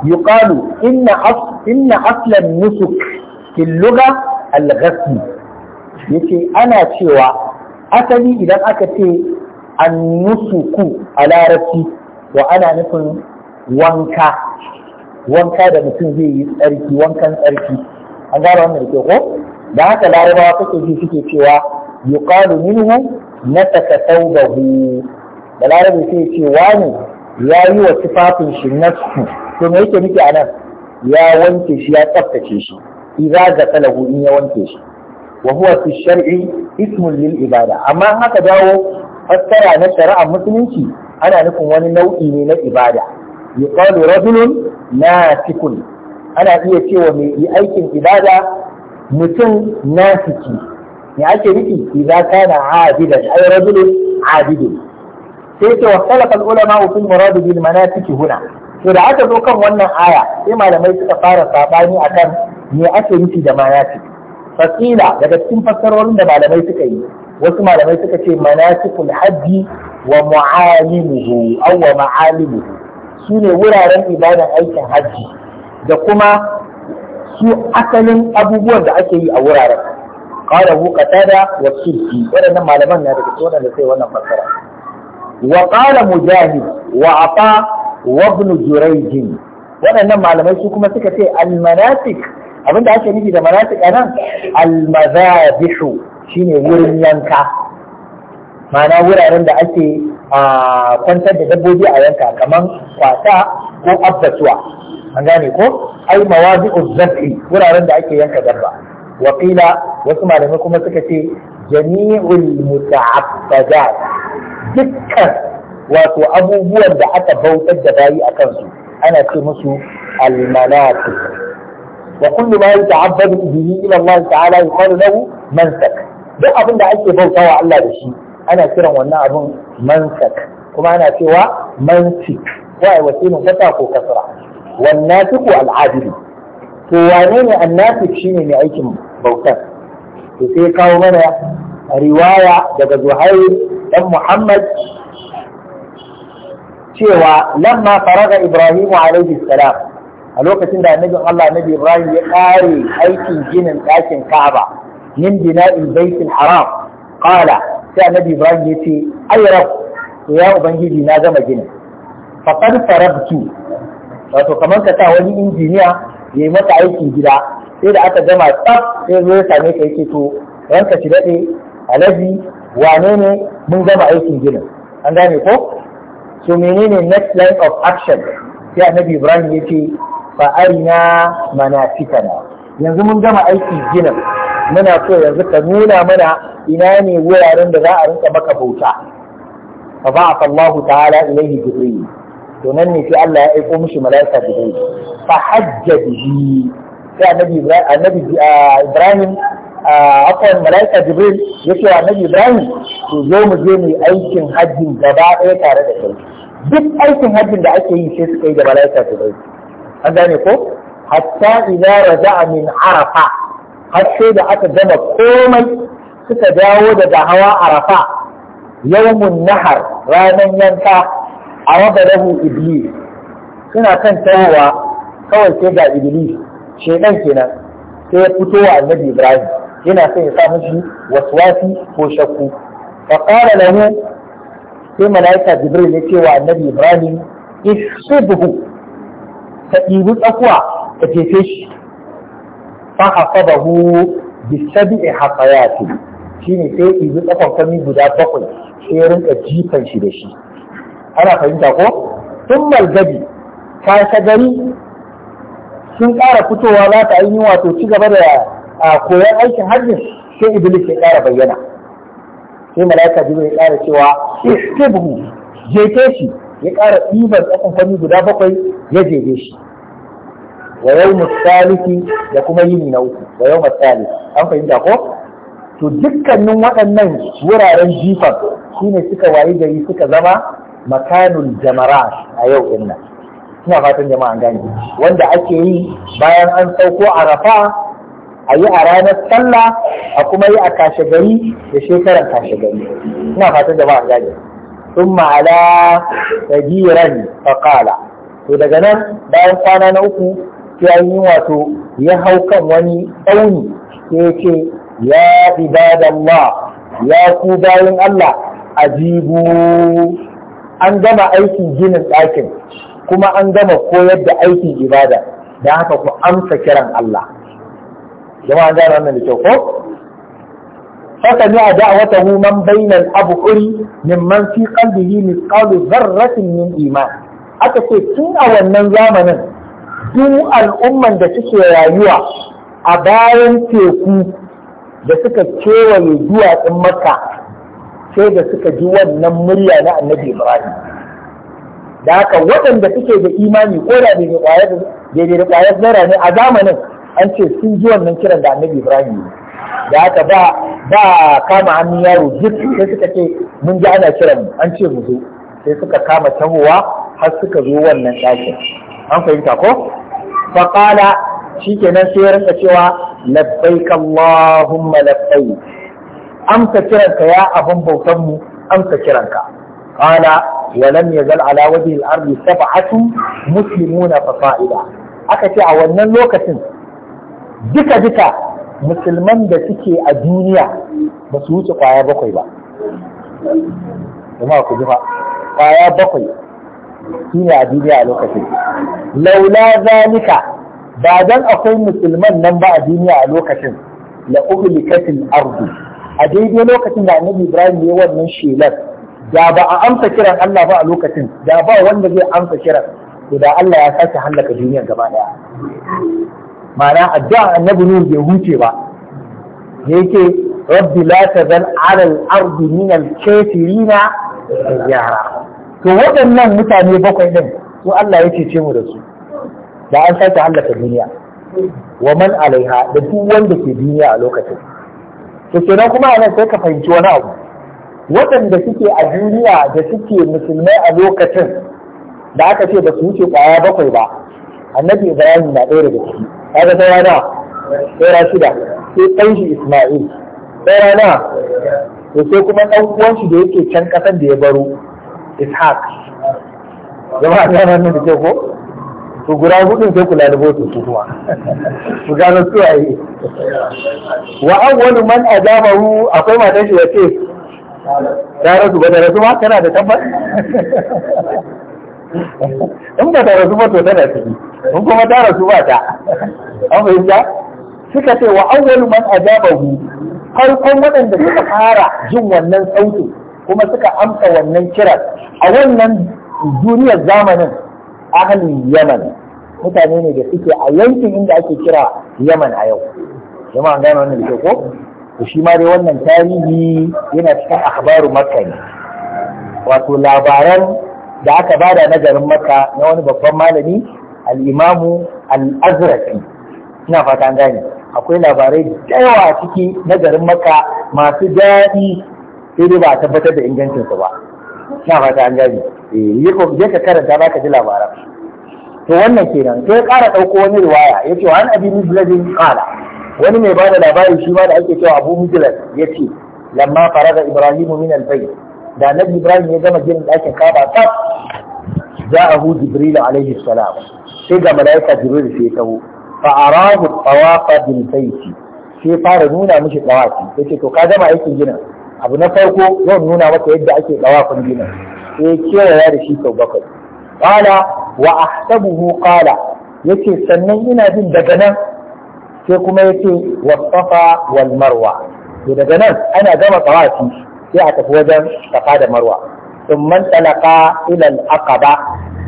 yi inna as inna aslan nusuk fil lugha al yace ana cewa asali idan aka ce an ku a larabci wa ana nufin wanka wanka da mutum zai yi tsarki wankan tsarki an gara wannan da ke ko da haka larabawa kake ji suke cewa yuqalu minhu nasaka thawbahu da larabi sai cewa ne ya yi wa tufafin shi nasu to me yake nufi anan ya wanke shi ya tsaftace shi idza gatalahu in ya wanke shi wa huwa fi shar'i ismun lil ibada amma haka dawo fassara na shari'ar musulunci ana nufin wani nau'i ne na ibada yuqalu rajulun nasikun ana iya cewa mai yi aikin ibada mutum nasiki me ake nufi idza kana abidan ay rajulun abidun sai ce wasalafa ulama fil murad bil manasiki huna to da aka zo kan wannan aya sai malamai suka fara sabani akan me ake nufi da manasik fasila daga cikin fassarorin da malamai suka yi wasu malamai suka ce manasikul hajji wa mu'alimuhu aw wa ma'alimuhu su ne wuraren ibadan aikin hajji da kuma su asalin abubuwan da ake yi a wuraren qala hu qatada wa sirri Waɗannan malaman na daga cikin da sai wannan fassara wa qala mujahid wa ata wa ibn jurayj Waɗannan malamai su kuma suka ce al manasik abinda ake nufi da manasik anan al madhabihu shine wurin yanka ma'ana wuraren da ake a kwantar da dabbobi a yanka kamar kwata ko abbatuwa an gane ko ai mawazi'u zafi wuraren da ake yanka dabba wa qila wasu malamai kuma suka ce jami'ul muta'abbadat dukkan wato abubuwan da aka bautar da bayi a kansu ana ce musu almanatu wa kullu ma yata'abbadu bihi ila Allah ta'ala yuqalu lahu mansak duk abin da ake bautawa Allah da shi ana kiran wannan abun mansak kuma ana cewa mansik wa wasilin fata ko kasra wannan tuku al'adili to wane ne shi shine mai aikin bautar to sai kawo mana riwaya daga zuhair dan muhammad cewa lamma faraga ibrahimu alaihi salam a lokacin da annabin Allah annabi Ibrahim ya kare aikin ginin ɗakin Ka'aba min bina'il baitul haram qala sai annabi ibrahim ya ce ay rab ya ubangiji na gama gini faqad farabtu wato kamar ka sa wani injiniya ya yi mata aikin gida sai da aka gama tsaf sai zo ya same ka yake to ranka shi daɗe alaji wane ne mun gama aikin ginin an gane ko so menene next line of action sai annabi ibrahim ya ce fa arina manafikana yanzu mun gama aikin ginin muna so yanzu ka nuna mana ina ne wuraren da za a rinka maka bauta fa ba Allahu ta'ala ilayhi jibril to nan ne sai Allah ya aika mishi mala'ika jibril fa hajja bihi sai annabi annabi Ibrahim akwai mala'ika jibril ya ce annabi Ibrahim to zo mu je mu aikin hajjin gaba ɗaya tare da kai duk aikin hajjin da ake yi sai su kai da mala'ika jibril an gane ko hatta idza raja'a min arafa har sai da aka gama komai suka dawo daga hawa arafa yawmun nahar ranar yanka a raba lahu iblis suna kan tawowa kawai sai ga iblis shedan kenan sai ya fito wa annabi ibrahim yana son ya sa mishi waswasi ko shakku fa qala lahu sai malaika jibril ya ce wa annabi ibrahim ihsibhu ka ɗibi tsakuwa ka jefe shi fa hasabahu bi sab'i hasayati shine sai izu kafan guda bakwai sai rinka jifan shi da shi ana fahimta ko tun malgabi ta gari sun ƙara fitowa za ta yi wato ci gaba da koyon aikin hajjin sai iblis ya ƙara bayyana sai mala'ika jibril ya ƙara cewa istibhu jeke shi ya ƙara ɗiban ƙasan kami guda bakwai ya jebe shi wa yawmus salisi da kuma yini na uku wa yawmus salisi an fahimta ko to dukkanin waɗannan wuraren jifan shine suka wayi gari suka zama makanul jamara a yau din nan Suna fatan jama'an gane wanda ake yi bayan an sauko arafa a yi a ranar sallah a kuma yi a kashe gari da shekarar kashe gari Suna fatan jama'an gane ثم على تجيرا فقال to daga nan bayan kwana na uku sai yi wato ya hau kan wani tsauni sai ya ce ya ibadallah ya ku bayan Allah jibu. an gama aikin ginin ɗakin kuma an gama koyar da aikin ibada da haka ku amsa kiran Allah jama'a an gane wannan da kyau ko فسمع دعوته من بين الأبحر ممن في قلبه مثقال ذرة من iman, aka ce tun a wannan zamanin duk al'umman da suke rayuwa a bayan teku da suka kewaye duwatsun makka sai da suka ji wannan murya na annabi ibrahim da haka waɗanda suke da imani ko da daidai da ƙwayar zara ne a zamanin an ce sun ji wannan kiran da annabi ibrahim da haka ba a kama hannun yaro duk sai suka ce mun ji ana kiran an ce mu zo sai suka kama tahowa har suka zo wannan ɗakin an fahimta ko faƙala shi kenan sai ya rinka cewa labbaik Allahumma labbaik amsa kiranka ya abin bautanmu amsa kiranka qala wa ya yazal ala wajen al-ardi sab'atun muslimuna fa'ida. aka ce a wannan lokacin duka duka musulman da suke a duniya ba su wuce kwaya bakwai ba kuma ku ji fa bakwai shine a duniya a lokacin laula zalika ba dan akwai musulman nan ba a duniya a lokacin la uhlikatil ardu a daidai lokacin da annabi Ibrahim ya wannan shelar da ba a amsa kiran Allah ba a lokacin da ba wanda zai amsa kiran to da Allah ya sake hallaka duniya gaba daya ma'ana addu'a annabi Nuhu bai huce ba da yake rabbi la tazal ala al-ardi min al-kafirina yara to waɗannan mutane bakwai ɗin su Allah ya cece mu da su da an sake hallaka duniya wa man alaiha da duk wanda ke duniya a lokacin to kenan kuma a nan sai ka fahimci wani abu waɗanda suke a duniya da suke musulmai a lokacin da aka ce ba su wuce ƙwaya bakwai ba annabi ibrahim na ɗaya daga ciki ga sai rana tsara shida sai ɗan shi isma'il tsara na sai kuma ɗan uwan shi da yake can ƙasan da ya baro ishaq jama'a ta ranar da kyau ko su guda hudun sai kula da bosu su kuma su gano su a yi wa awwalu man ajabahu akwai matan shi wace ta rasu ba da rasu ma tana da tabbas in ba ta rasu ba to tana ciki in kuma ta rasu ba ta an fahimta suka ce wa awwalu man har farkon waɗanda suka fara jin wannan sautin kuma suka amsa wannan kiran a wannan duniyar zamanin ahalin yaman mutane ne da suke a yankin inda ake kira yaman a yau jama'a gane wannan da ko to shi ma dai wannan tarihi yana cikin akhbaru makka ne wato labaran da aka bada na garin makka na wani babban malami al-imamu al-azraqi ina fata an gane akwai labarai da yawa ciki na garin makka masu daɗi sai dai ba a tabbatar da ingancinsa ba na fata an gani eh, je ka karanta ba ka ji labaran to wannan kenan sai ya kara ɗauko wani riwaya ya ce wa an abi mujladin kala. wani mai bada labari shi ma da ake cewa abu mujlad ya ce lamma faraga ibrahimu min albayt da nabi ibrahim ya gama ginin dakin kaba kaf hu jibril alaihi salam sai ga malaika jibril sai ya taho fa arahu tawafa bil sai fara nuna mishi tawafi sai ce to ka gama aikin ginin abu na farko zan nuna maka yadda ake dawafin gina sai eh, kewaya da shi sau bakwai qala wa ahsabuhu qala yace sannan ina jin daga nan sai kuma yace wasafa wal marwa to daga nan ana gama tawafi sai a tafi wajen safa da marwa thumma talaqa ila al aqaba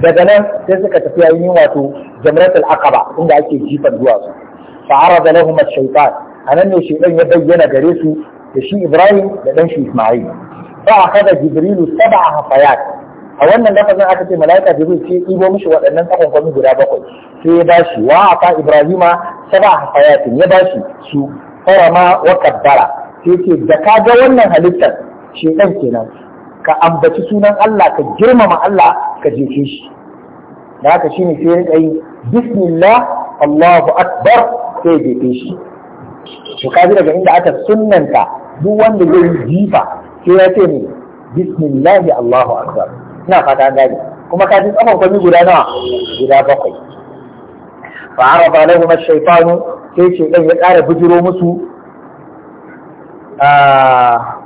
daga nan sai suka tafi yayin wato jamratul aqaba inda ake jifan duwatsu fa arada lahum ash-shaytan anan ne shaytan ya bayyana gare su da shi Ibrahim da ɗan shi Ismail ba'a akada Jibrilu sab'a hafayat a wannan lafazin aka ce malaika Jibril ce ibo mishi waɗannan kafan kwami guda bakwai sai ya bashi wa aka Ibrahima sab'a hafayat ya bashi su farama wa sai ce da ka ga wannan halittar ɗan kenan ka ambaci sunan Allah ka girmama Allah ka jefe shi da haka shine sai ya yi bismillah Allahu akbar sai jefe shi to kaji daga inda aka sunnanta duk wanda zai yi jifa sai ya ce ne bismillah Allahu akbar ina fata an gane kuma kaji tsakon kwami guda nawa guda bakwai fa araba lahu ash-shaytanu sai ce dan ya ƙara bujiro musu ah,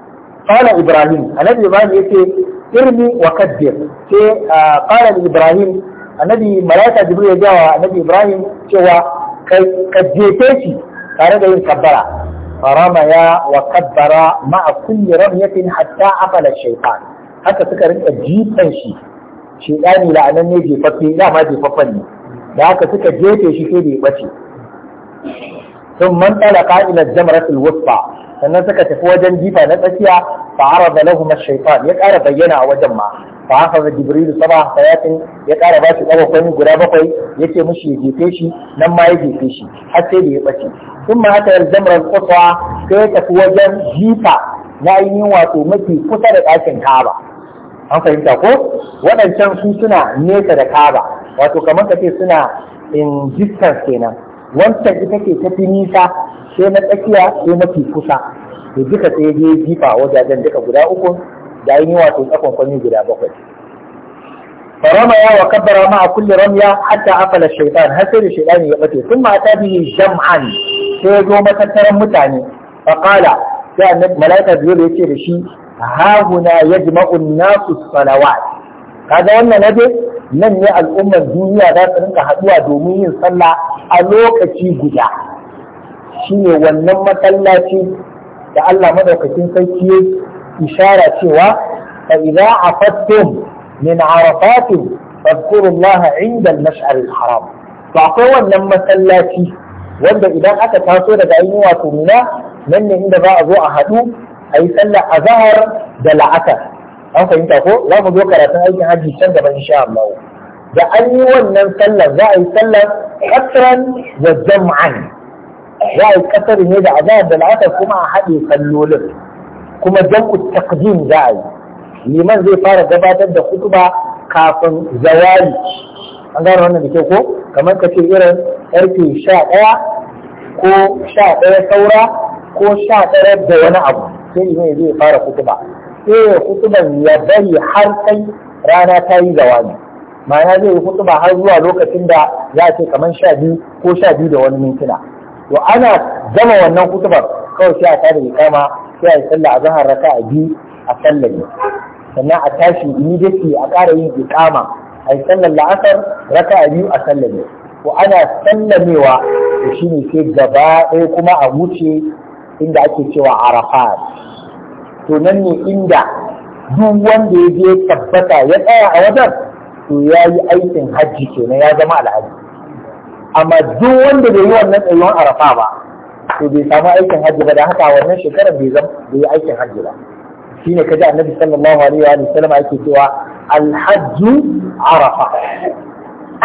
Ibrahim, قال إبراهيم Irmi wa يقول sai وكبر ah, Ibrahim, annabi Malaika Jibril ya جاء annabi Ibrahim cewa ka jefe shi tare da yin kabbara faramaya wa kabbara ma'a kulli ramyatin hatta afala shaytan haka suka rinka jifan shi shaytani la'anan ne jefaffe ya ma jefaffen ne da haka suka jefe shi sai da ya bace sun man talaka ila jamratul wusta sannan suka tafi wajen jifa na tsakiya fa arada lahum ash-shaytan ya ƙara bayyana a wajen ma fa jibrilu jibril saba hayatin ya kara ba shi kafafen guda bakwai ya ce mushi ya jefe shi nan ma ya jefe shi har sai da ya bace sun ma haka yalzamar kusa sai ya tafi wajen jifa na yi wato mafi kusa da ɗakin kaba an fahimta ko waɗancan su suna nesa da kaba wato kamar ka ce suna in distance kenan wancan ita ce tafi nisa sai na tsakiya sai mafi kusa to duka sai ya je jifa wajajen duka guda uku da ainihin wato tsakon kwani guda bakwai farama ya wa kabbara ma a kulle ramya hatta afala shaitan har sai da shaitan ya bace sun ma ta bihi jam'an sai ya zo matattaran mutane fa qala sai annabi malaika ya ce da shi ha huna yajma'u an-nasu salawat kaga wannan nabi nan ne al'ummar duniya za su rinka haduwa domin yin sallah a lokaci guda shine wannan masallaci da Allah madaukakin sarki إشارة سوى فإذا عفتتم من عرفات فاذكروا الله عند المشعر الحرام فأقوى لما سلاتي وانا إذا أتى تاسورة دعين واتمنا من عند ذا أبو أحدو أي سلا أظهر دل عتا أو فإنت أقول لا مدو كراتنا أي حاجي سنجب إن شاء الله ذا أي وانا سلا ذا أي سلا كثرا وزمعا ذا أي كثر هذا أظهر دل كما أحد يسلو لك kuma jam'u taqdim za a yi liman zai fara gabatar da kutuba kafin zawali an gano wannan da ke ko kamar ka ce irin ƙarfe sha ɗaya ko sha ɗaya saura ko sha ɗaya da wani abu sai liman zai fara kutuba sai ya kutuban ya bari har sai rana ta yi zawali ma'ana zai yi kutuba har zuwa lokacin da za a ce kamar sha biyu ko sha biyu da wani mintuna to ana gama wannan kutubar kawai sai a tada ya kama sai a yi a zahar raka a biyu a sallar ne sannan a tashi immediately a ƙara yin iqama a yi sallar la'asar raka a biyu a sallar ne ko ana sallamewa to shine sai gaba ɗaya kuma a wuce inda ake cewa arafat to nan ne inda duk wanda ya je tabbata ya tsaya a wajen to ya yi aikin hajji kenan ya zama alhaji amma duk wanda bai yi wannan tsayuwar arafa ba to bai samu aikin hajji ba da haka wannan shekarar bai zama bai yi aikin hajji ba shine kaji annabi sallallahu alaihi wa sallam ake cewa alhajju arafa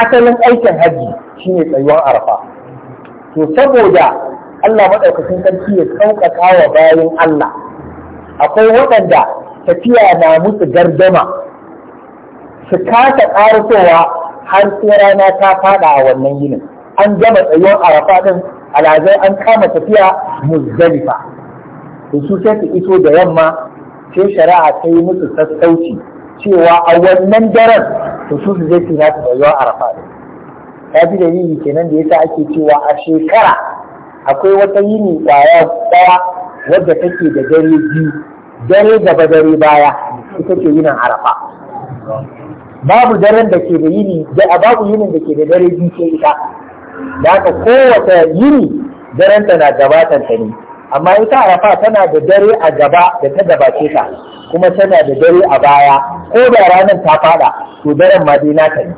asalin aikin hajji shine tsayuwar arafa to saboda Allah madaukakin sarki ya sauƙaƙa wa bayan Allah akwai waɗanda tafiya na musu gardama su kasa sowa har sai rana ta faɗa a wannan yinin an gama tsayuwar arafa din alazai an kama tafiya muzdalifa to su sai su iso da yamma sai shari'a ta yi musu sassauci cewa a wannan daren to su su zai tina su rayuwa arafa ne. ta fi dalili kenan da yasa ake cewa a shekara akwai wata yini kwaya daya wadda take da dare biyu dare gaba dare baya ita ce yinin arafa babu daren da ke da yini da babu yinin da ke da dare biyu ce ita da haka kowace yini darenta na gabatan ta ne amma ita arafa tana da dare a gaba da ta gabace ta kuma tana da dare a baya ko da ranar ta fada to daren ma dai naka ne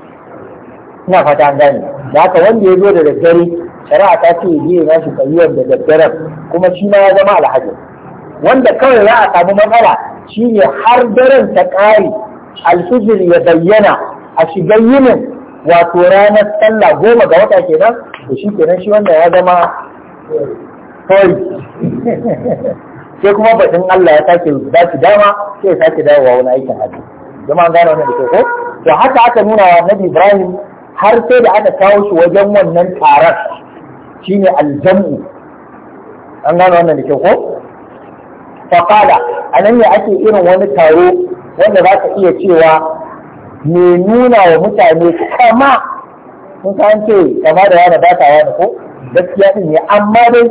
ina fata an gane da wanda ya zo da daddare shari'a ta ce zai yi shi tsayuwar da daddaren kuma shi ma ya zama alhaji wanda kawai za a samu matsala shine har daren ta ƙare alfijir ya bayyana a shigar yinin wato ranar tsalla goma ga wata kenan to shi kenan shi wanda ya zama sorry sai kuma batun Allah ya sake ba shi dama sai ya sake dawo dawowa wani aikin hajji jama'a gane wannan da ko to haka aka nuna wa Nabi Ibrahim har sai da aka kawo shi wajen wannan taron shine aljamu an gane wannan da ko faqala anan ne ake irin wani taro wanda za ka iya cewa mai nuna wa mutane kama sun ce kama da yana bata yana ko gaskiya din ne amma dai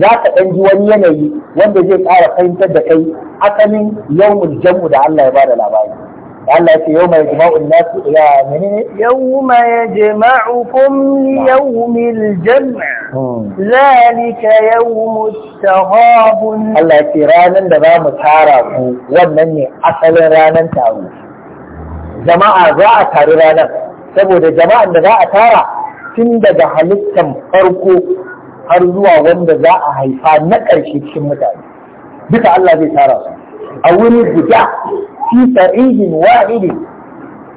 za ka ɗan ji wani yanayi wanda zai ƙara fahimtar da kai asalin yawmul jam'u da Allah ya bada labari Allah ya ce yawma yajma'u nasu ila menene yawma yajma'ukum li yawmil jam' hmm. zalika yawmut tahabun Allah ya ce ranan da za mu tara ku wannan ne asalin ranan taro jama'a za a tari ranar saboda jama'an da za a tara tun daga halittan farko har zuwa wanda za a haifa na ƙarshe cikin mutane duka Allah zai tara su a wuri guda fi sa'idin wahidi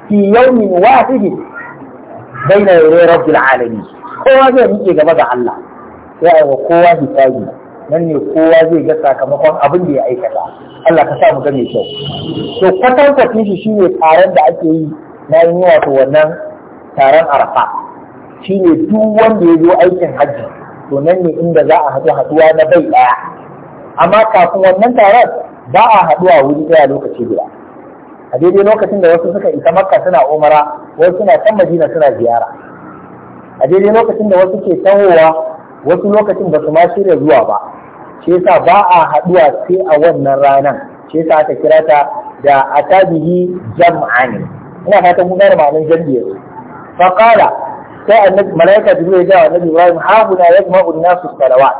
fi yawmin wahidi baina yawmin rabbil alamin kowa zai rike gaba da Allah sai a wa kowa hisabi nan ne kowa zai ga sakamakon abin da ya aikata Allah ka sa mu gane kyau to kwatan kwatin shi shine taron da ake yi na yi wato wannan taron arfa shine duk wanda ya zo aikin hajji to nan ne inda za a haɗu haɗuwa na bai ɗaya amma kafin wannan taron ba a haɗuwa wuri ɗaya lokaci guda a daidai lokacin da wasu suka isa makka suna umara wasu suna can madina suna ziyara a daidai lokacin da wasu ke tahowa wasu lokacin ba su ma shirya zuwa ba shi yasa ba a haɗuwa sai a wannan ranar shi yasa aka kira ta da atabihi jam'ani ina fatan mun gane ma'anar jam'i yanzu fa qala sai annabi malaika jibril ya ga annabi ibrahim ha huna yajma'u an-nasu salawat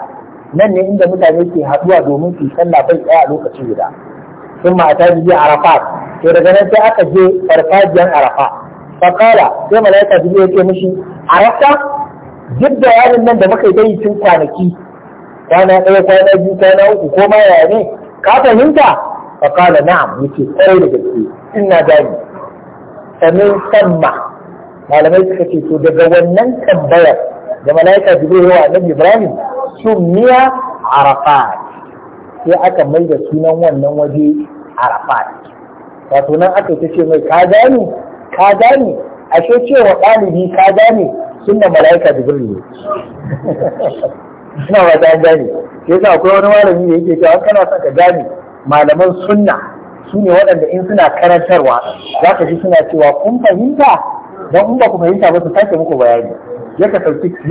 nan ne inda mutane ke haɗuwa domin su sallah bai tsaya a lokaci guda sun ma atabihi arafat to daga nan sai aka je farfajiyar arafa fa qala sai malaika jibril ya ce mishi arafta duk da yarin nan da muka yi tun kwanaki kwana ɗaya kwana biyu kwana uku ko ma ya ne ka fahimta fa qala na'am yace kwarai da gaske ina gani sanin samma malamai suka ce to daga wannan tambayar da malaika jibril wa annabi ibrahim sumiya arafat sai aka mai da sunan wannan waje arafat wato nan aka ta ce mai ka gane ka gane ashe cewa ɗalibi ka gane sunna malaika jibril ne *laughs* ina ba ta gane sai sa akwai wani malami da yake cewa kana son ka gane malaman sunna su ne waɗanda in suna karantarwa za ka ji suna cewa kun fahimta don in ba ku fahimta ba su sake muku bayani ya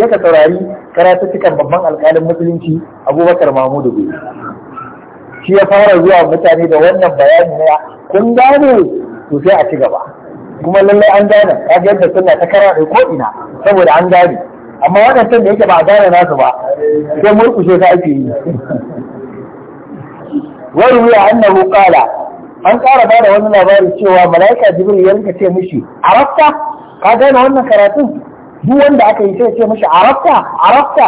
ka saurari cikin babban alƙalin musulunci abubakar mahmudu bai shi ya fara zuwa mutane da wannan bayani na kun gane to sai a ci gaba kuma lallai an gane ka ga yadda suna ta karatu ko ina saboda an gane amma waɗancan da yake ba a gane nasu ba sai murkushe ta ake yi wani wuya annahu qala an ƙara ba da wani labari cewa mala'ika jibril ya rinka ce mishi arafta ka gane wannan karatun duk wanda aka yi sai ce mishi arafta arafta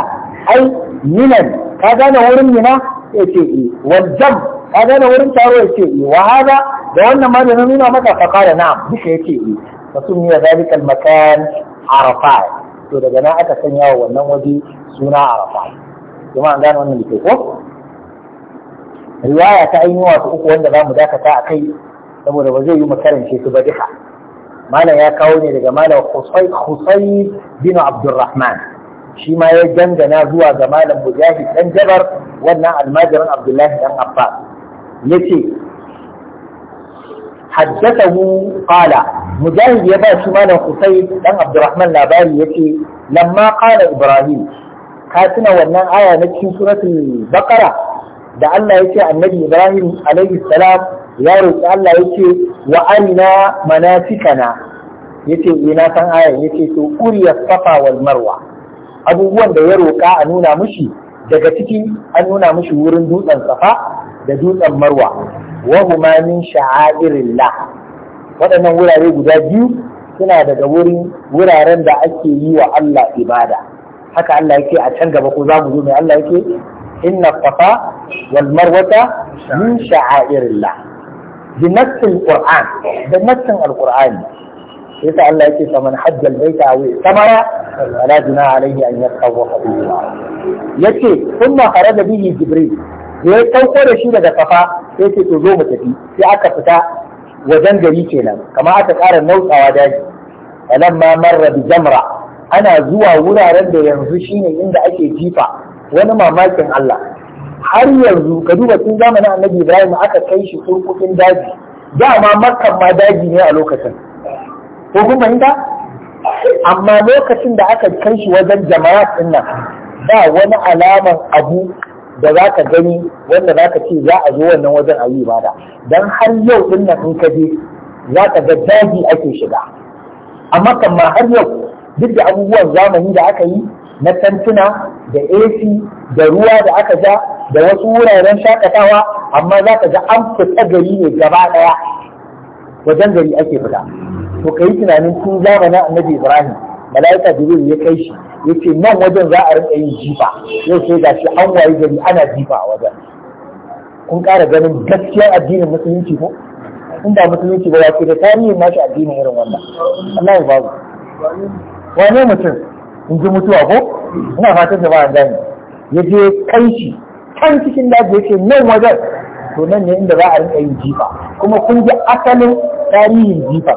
ai minan ka gane wurin mina ya ce eh Wajen. ka gane wurin taro ya ce eh wa da wannan ma da nuna maka fa na duka ya ce eh fa sumiya zalikal makan arafat to daga nan aka sanya wa wannan waje suna arafa kuma an gane wannan ko riwaya ta ainihin wato uku wanda za mu dakata a kai saboda ba zai yi mu shi su ba duka malam ya kawo ne daga malam Husay bin Abdurrahman shi ma ya dangana zuwa ga malam Mujahid dan Jabar wannan almajirin Abdullahi dan Abbas haddasa حدثه قال mujahid ya ba shi malam Usayd dan Abdurrahman labari yace lamma qala Ibrahim ka tuna wannan aya na cikin suratul Baqara da Allah yace Annabi Ibrahim alaihi salam ya roki Allah yace wa anna manafikana yace ina eh, san aya yace to uriya safa wal marwa abubuwan da ya roka a nuna mushi daga ciki an nuna mushi wurin dutsen safa da dutsen marwa wa huma min sha'airillah waɗannan wurare guda biyu suna daga wurin wuraren da ake yi wa Allah ibada haka Allah yake a can gaba ko za mu zo mai Allah yake inna safa wal marwata min sha'airillah bi nassil qur'an da nassin alqur'ani yasa Allah yake faman hajja albayta aw samara wala junaha alayhi an yatawafa bihi yace kuma kharaja bihi jibril ya sauko da shi daga safa sai ce to zo mu tafi sai aka fita wajen gari kenan kama aka ƙara nautsawa daji alam ma marra bi jamra ana zuwa wuraren da yanzu shine inda ake jifa wani mamakin Allah har yanzu ka duba tun zamanin Annabi Ibrahim aka kai shi kurkukun daji dama makkan ma daji ne a lokacin ko kun fahimta amma lokacin da aka kai shi wajen jama'a din nan ba wani alaman abu da za ka gani wanda za ka ce za a zo wannan wajen a yi ibada don har yau din nan in ka je za ka ga daji ake shiga amma kamar har yau duk da abubuwan zamani da aka yi na tantuna da AC da ruwa da aka ja da wasu wuraren shakatawa amma za ka ga an fita gari ne gaba ɗaya wajen gari ake fita to ka yi tunanin tun zamanin annabi Ibrahim malaika jibril ya kai shi yace nan wajen za a rinka yin jifa yau sai gashi an waye gari ana jifa a wajen kun ƙara ganin gaskiyar addinin musulunci ko in ba musulunci ba wato da tarihin nashi addinin irin wannan Allah ya babu wane mutum in ji mutuwa ko ina fatan da ba an gane ya je kai shi can cikin daji yake nan wajen to nan ne inda za a rinka yin jifa kuma kun ji asalin tarihin jifa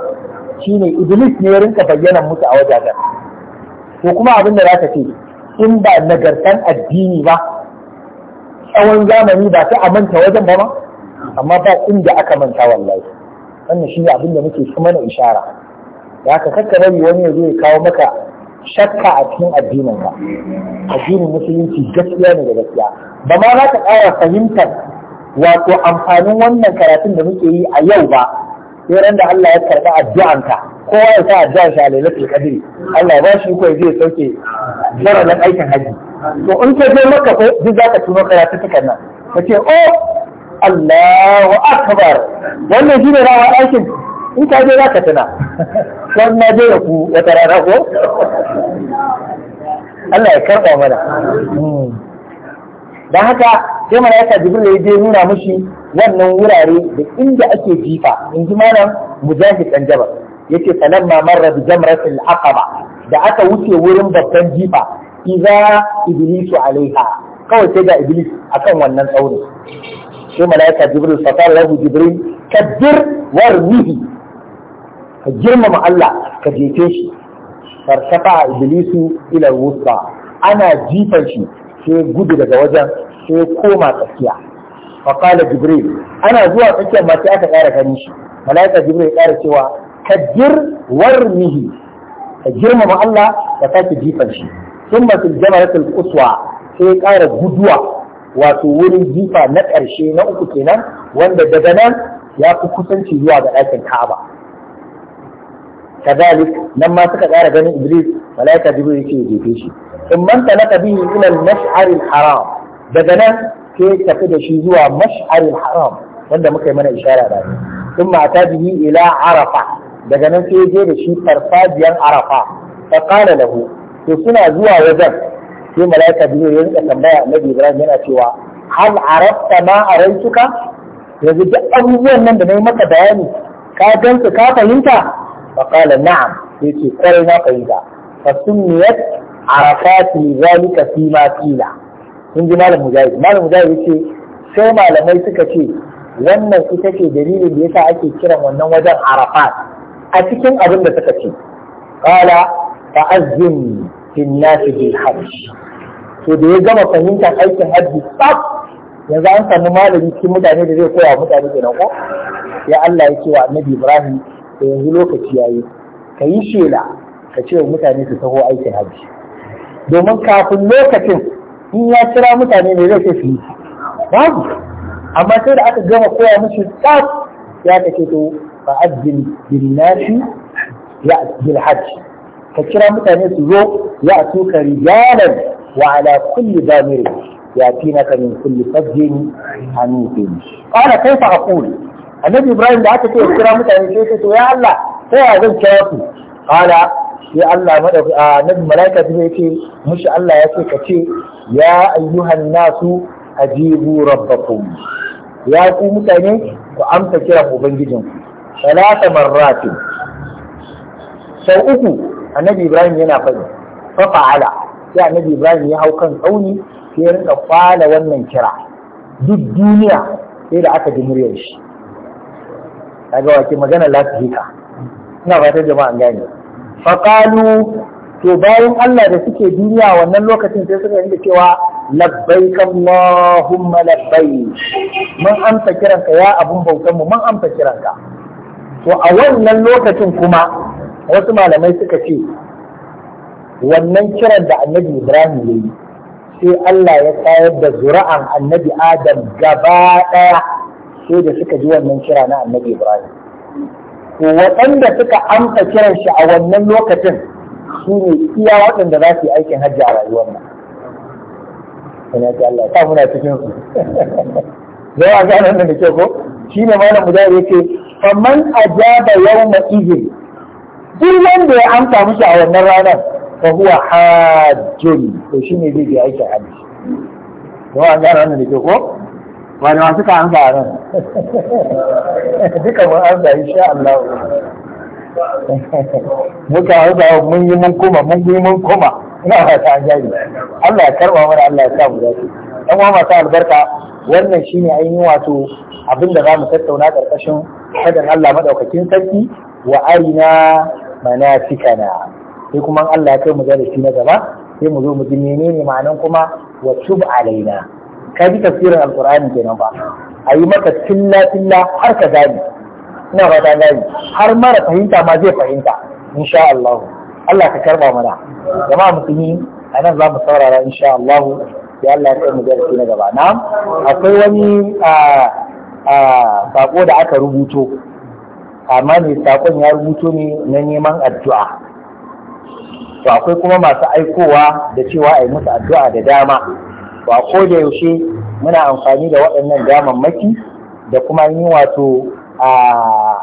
ne iblis ne ya rinka bayyana musu a wajajen to kuma abin da za ka ce in ba nagartan addini ba tsawon zamani ba ta manta wajen ba ma amma ba inda aka manta wallahi wannan ne abin da muke kuma na ishara da haka kakka bari wani ya zo ya kawo maka shakka a cikin addinin ka addinin musulunci gaskiya ne da gaskiya ba ma za ka ƙara fahimtar wato amfanin wannan karatun da muke yi a yau ba sai ran da Allah ya karɓi addu'anka kowa ya sa addu'ar shi a lailatul qadri Allah ba shi kai zai sauke sharalan aikin haji to in ka je maka ko duk zaka tuno karatu tukan nan kace oh Allahu akbar wannan shine rawa aikin in ka je zaka tuna na je da ku wata rana ko Allah ya karɓa mana hmm. dan haka sai malaika jibril ya je nuna mushi wannan wurare da inda ake jifa in ji malam mujahid dan jabal yace falamma marra bi jamratil aqaba da aka wuce wurin babban jifa idza iblisu alaiha kawai sai ga iblis akan wannan tsaunin sai malaika jibril fa qala lahu jibril kabbir warmihi ka girmama Allah ka jefe shi farkafa iblisu ila wusta ana jifan shi sai gudu daga wajen sai koma tsakiya faqala jibril ana zuwa tsakiyar ma aka ƙara gani shi malaika jibril ya ƙara cewa kabbir warmihi ka girmama Allah ka sake jifan shi thumma fil jamaratil quswa sai ya ƙara guduwa wato wurin jifa na ƙarshe na uku kenan wanda daga nan ya fi kusanci zuwa ga ɗakin Ka'aba kazalik nan ma suka ƙara ganin Idris malaika Jibril yake jefe shi in man talaka bihi ila al-mash'ar al-haram daga nan sai tafi da shi zuwa mash'aril haram wanda muka yi mana ishara da ni. sun mata bihi ila arafa daga nan sai je da shi farfajiyar arafa fa qala lahu to suna zuwa wajen sai malaika biyu ya rinka tambaya annabi ibrahim yana cewa hal arafta ma araituka yanzu duk abubuwan nan da na yi maka bayani ka gansu ka fahimta fa qala na'am sai ce kwarai na fahimta fa sunniyat arafati zalika fi ma qila Sun ji malam mujahid malam mujahid ce sai malamai suka ce wannan ita ce dalilin da yasa ake kiran wannan wajen arafat a cikin abin da suka ce qala fa'azzim bin nasi bil hajj to da ya gama fahimtar aikin hajji tsaf yanzu an samu malami cikin mutane da zai koya mutane kenan ko ya Allah yake wa annabi Ibrahim da yanzu lokaci yayi ka yi shela ka ce wa mutane su taho aikin hajji domin kafin lokacin in ya kira mutane ne zai ce su yi babu amma sai da aka gama koya musu tsaf ya ta ce to fa'azzin binnasi ya bil hajj ka kira mutane su zo ya tuka rijalan wa ala kulli damir يأتينك من كل فج عنيف قال كيف أقول النبي إبراهيم دعاك في الكرامة أن يقول يا الله هو هذا الكرافي قال sai Allah madauki annabi malaika ta ce mushi Allah ya ce ka ce ya ayyuhan nasu ajibu rabbakum ya ku mutane ku amsa kiran ubangijinku salata marratin sau uku annabi ibrahim yana faɗi fa fa'ala sai annabi ibrahim ya hau kan tsauni sai ya rinka fala wannan kira duk duniya sai da aka ji muryar shi kaga wace magana lafiyika ina fatan jama'a gane faƙalu to bayan Allah da suke duniya wannan lokacin sai suka yi da cewa labbaik Allahumma labbaik mun amsa kiranka ya abun bautanmu mun amsa kiranka to a wannan lokacin kuma wasu malamai suka ce wannan kiran da Annabi Ibrahim ya yi sai Allah ya tsayar da zura'an Annabi Adam gaba ɗaya sai da suka ji wannan kira na Annabi Ibrahim to waɗanda suka amsa kiran shi a wannan lokacin su ne iya waɗanda za su yi aikin hajji a rayuwar nan. Ina ce Allah, ta muna cikin su. *laughs* Zai a gane da kyau ko? Shi ne malam yake, amman a ja da yau ma izin, duk wanda ya amsa mishi a wannan ranar, fa huwa hajjin, to shi ne zai je aikin hajji." Zai a gane da kyau ko? da masu ka an fara *laughs* duka mun an fara insha Allah muka hauka mun yi mun kuma, mun yi mun kuma. ina ba ta jari Allah ya karba mana Allah ya sa mu dace dan uwa masu albarka wannan shine ainihin wato abin da zamu tattauna karkashin hadan Allah madaukakin sarki wa arina manasikana sai kuma Allah ya kai mu darasi na gaba sai mu zo mu ji menene ma'anan kuma wa tub alaina Ka bi tafsirin alqur'ani kenan ba a yi maka tilla tilla har ka gani ina fata gani har mara fahimta ma zai fahimta insha Allah Allah ka karba mana jama'a musulmi a nan za mu saurara insha Allah ya Allah ya mu na gaba na akwai wani sako da aka rubuto amma ne sakon ya rubuto ne na neman addu'a to akwai kuma masu aikowa da cewa a yi musu addu'a da dama ba ko da yaushe muna amfani da waɗannan damammaki da kuma yi wato a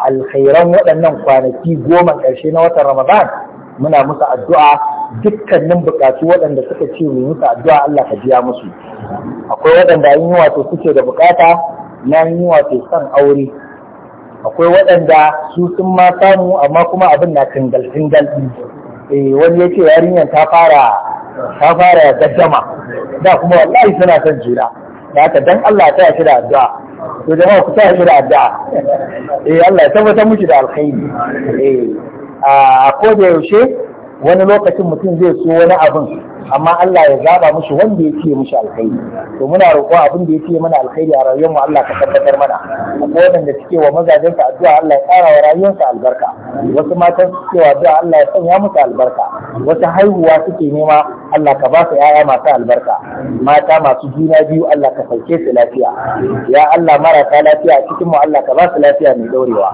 alkhairan waɗannan kwanaki goma ƙarshe na watan ramadan muna musu addu'a dukkanin buƙatu waɗanda suka ce mu musu addu'a Allah ka biya musu akwai waɗanda yi wato suke da buƙata na yi wato son aure akwai waɗanda su sun ma samu amma kuma abin na tingal-tingal eh, wani ya ce yarinyar ta fara ta fara gaddama da kuma wallahi suna son juna da haka dan Allah ta shi da addu'a to jama'a ku ta shi da addu'a eh Allah ya tabbatar miki da alkhairi eh a ko da yaushe wani lokacin mutum zai so wani abin amma Allah ya zaba mushi wanda ya ce mushi alkhairi to muna roƙo abin da ya ce mana alkhairi a rayuwar mu Allah ka tabbatar mana akwai wanda suke wa mazajen sa addu'a Allah ya ƙara wa rayuwarsa sa albarka wasu matan suke wa addu'a Allah ya sanya musu albarka wasu haihuwa suke nema Allah ka ba su ƴaƴa masu albarka mata masu juna biyu Allah ka sauke su lafiya ya Allah marasa lafiya a cikin mu Allah ka ba su lafiya mai daurewa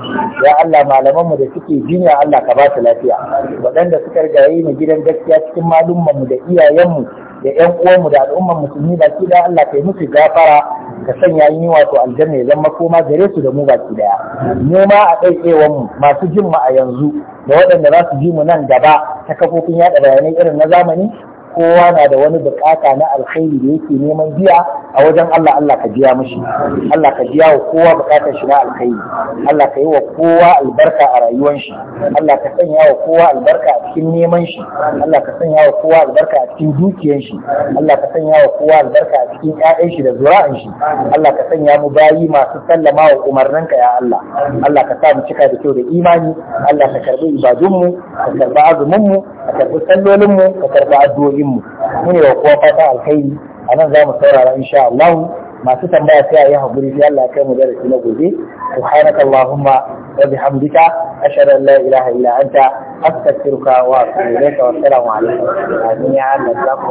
ya Allah malaman mu da suke jinya Allah ka ba su lafiya waɗanda suka rigaye mu gidan gaskiya cikin malumman mu da iya iyayenmu da ƴan uwanmu da al'umman musulmi baki daya Allah kai musu gafara ka sanya yi wato aljanna ya zama koma gare su da mu baki daya mu ma a ɗaiɗewan mu masu jin mu a yanzu da waɗanda za su ji mu nan gaba ta kafofin yaɗa bayanai irin na zamani kowa na da wani bukata na alkhairi da yake neman biya a wajen Allah Allah ka biya mishi Allah ka biya wa kowa bukatar shi na alkhairi Allah ka yi wa kowa albarka a rayuwar shi Allah ka sanya wa kowa albarka a cikin neman shi Allah ka sanya wa kowa albarka a cikin dukiyar shi Allah ka sanya wa kowa albarka a cikin ƴaƴan shi da zura'an shi Allah ka sanya mu bayi masu sallama wa umarninka ya Allah Allah ka sa mu cika da kyau da imani Allah ka karbi ibadunmu ka karbi azumin mu ka karbi sallolin mu ka karbi addu'o'i mu muni wa kowa fata alkhairi a nan za mu saurara insha Allah masu tambaya sai ayi hakuri sai Allah ya kai mu darasi na gobe subhanaka allahumma wa bihamdika ashhadu an la ilaha illa anta astaghfiruka wa atubu ilayka wa assalamu alaikum